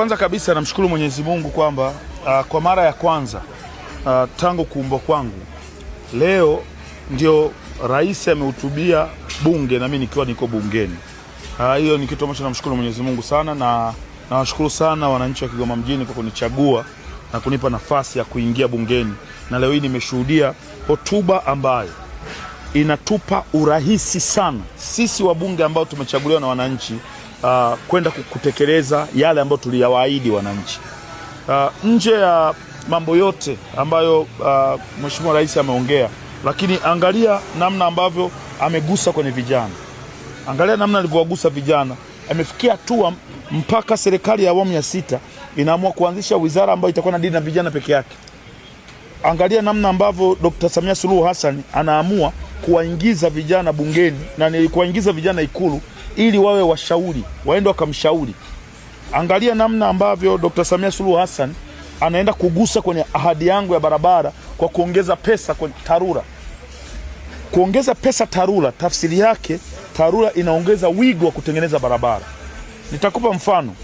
Kwanza kabisa namshukuru Mwenyezi Mungu kwamba uh, kwa mara ya kwanza uh, tangu kuumbwa kwangu leo ndio rais amehutubia bunge na mimi nikiwa niko bungeni. Ah, hiyo uh, ni kitu ambacho namshukuru Mwenyezi Mungu sana, na nawashukuru sana wananchi wa Kigoma mjini kwa kunichagua na kunipa nafasi ya kuingia bungeni, na leo hii nimeshuhudia hotuba ambayo inatupa urahisi sana sisi wabunge ambao tumechaguliwa na wananchi uh, kwenda kutekeleza yale ambayo tuliyawaahidi wananchi. Uh, nje ya mambo yote ambayo uh, Mheshimiwa Rais ameongea, lakini angalia namna ambavyo amegusa kwenye vijana, angalia namna alivyowagusa vijana. Amefikia hatua mpaka serikali ya awamu ya sita inaamua kuanzisha wizara ambayo itakuwa na dini na vijana peke yake. Angalia namna ambavyo Dr. Samia Suluhu Hassan anaamua kuwaingiza vijana bungeni na ni kuwaingiza vijana Ikulu ili wawe washauri, waende wakamshauri. Angalia namna ambavyo Dr. Samia Suluhu Hassan anaenda kugusa kwenye ahadi yangu ya barabara kwa kuongeza pesa kwenye TARURA. Kuongeza pesa TARURA, tafsiri yake TARURA inaongeza wigo wa kutengeneza barabara. Nitakupa mfano,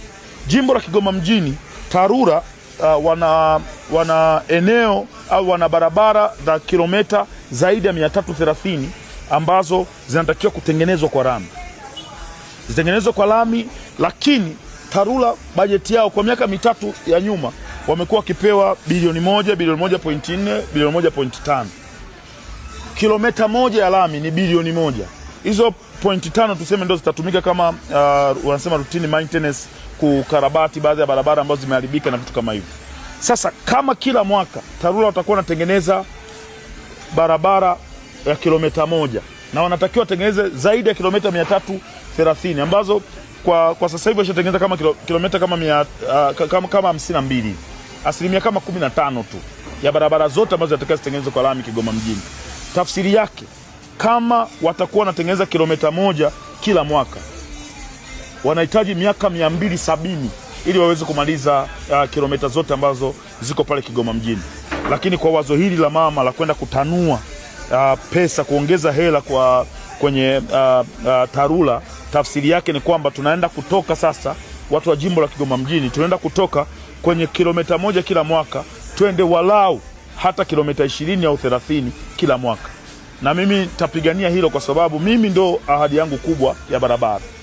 jimbo la Kigoma mjini TARURA uh, wana, wana eneo au wana barabara za kilometa zaidi ya 330 ambazo zinatakiwa kutengenezwa kwa rami zitengenezwe kwa lami, lakini TARURA bajeti yao kwa miaka mitatu ya nyuma wamekuwa wakipewa bilioni moja, bilioni moja pointi nne, bilioni moja pointi tano. Kilometa moja ya lami ni bilioni moja. Hizo pointi tano tuseme ndo zitatumika kama uh, wanasema routine maintenance, kukarabati baadhi ya barabara ambazo zimeharibika na vitu kama hivyo. Sasa kama kila mwaka TARURA watakuwa wanatengeneza barabara ya kilometa moja na wanatakiwa watengeneze zaidi ya kilometa mia tatu 30 ambazo kwa, kwa sasa hivi ashatengeneza kama kilo, kilomita kama mia, uh, kama, kama hamsini na mbili, asilimia kama kumi na tano tu ya barabara zote ambazo zinatakiwa zitengenezwe kwa lami Kigoma mjini. Tafsiri yake kama watakuwa wanatengeneza kilomita moja kila mwaka wanahitaji miaka mia mbili sabini ili waweze kumaliza uh, kilomita zote ambazo ziko pale Kigoma mjini. Lakini kwa wazo hili la mama la kwenda kutanua uh, pesa kuongeza hela kwa kwenye uh, uh, TARURA tafsiri yake ni kwamba tunaenda kutoka sasa, watu wa jimbo la Kigoma mjini tunaenda kutoka kwenye kilomita moja kila mwaka twende walau hata kilomita ishirini au thelathini kila mwaka, na mimi tapigania hilo kwa sababu mimi ndo ahadi yangu kubwa ya barabara.